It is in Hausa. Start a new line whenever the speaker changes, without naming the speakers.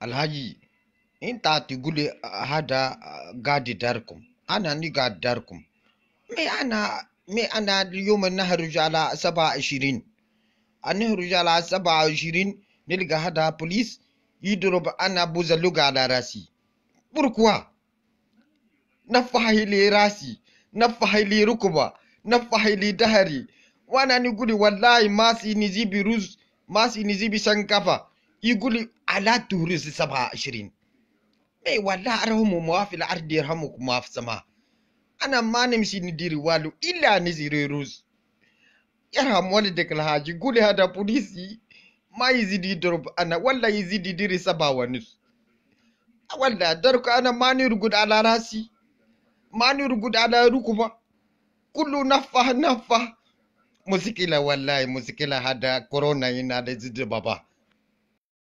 alhaji in ta ti gule hada gadi darkum ana ni ga darkum me ana me ana yoma nahar jala saba ashirin annahar jala saba ashirin ga hada police yidrob ana buza luga da rasi burkuwa na fahili rasi na fahili rukuba na fahili dahari wana ni guli wallahi masi ni zibi ruz masi ni zibi sankafa iguli Ala tuurin su saba Me yi wa la'ar mu mafi ardiyar hamadu sama? Ana ma'anin cin diri walu illa nusurirus. Yaha murni da kalhaji, gole a da polisi. Ma izi di durbu, a na walla di diri sabawan nusu. A walla ana ma'anin rugu da ala'arasi? Ma'anin rugu da ala'ar Kulu nafa, nafa. Mu sigira wallaye mu sigira a da kuru na yi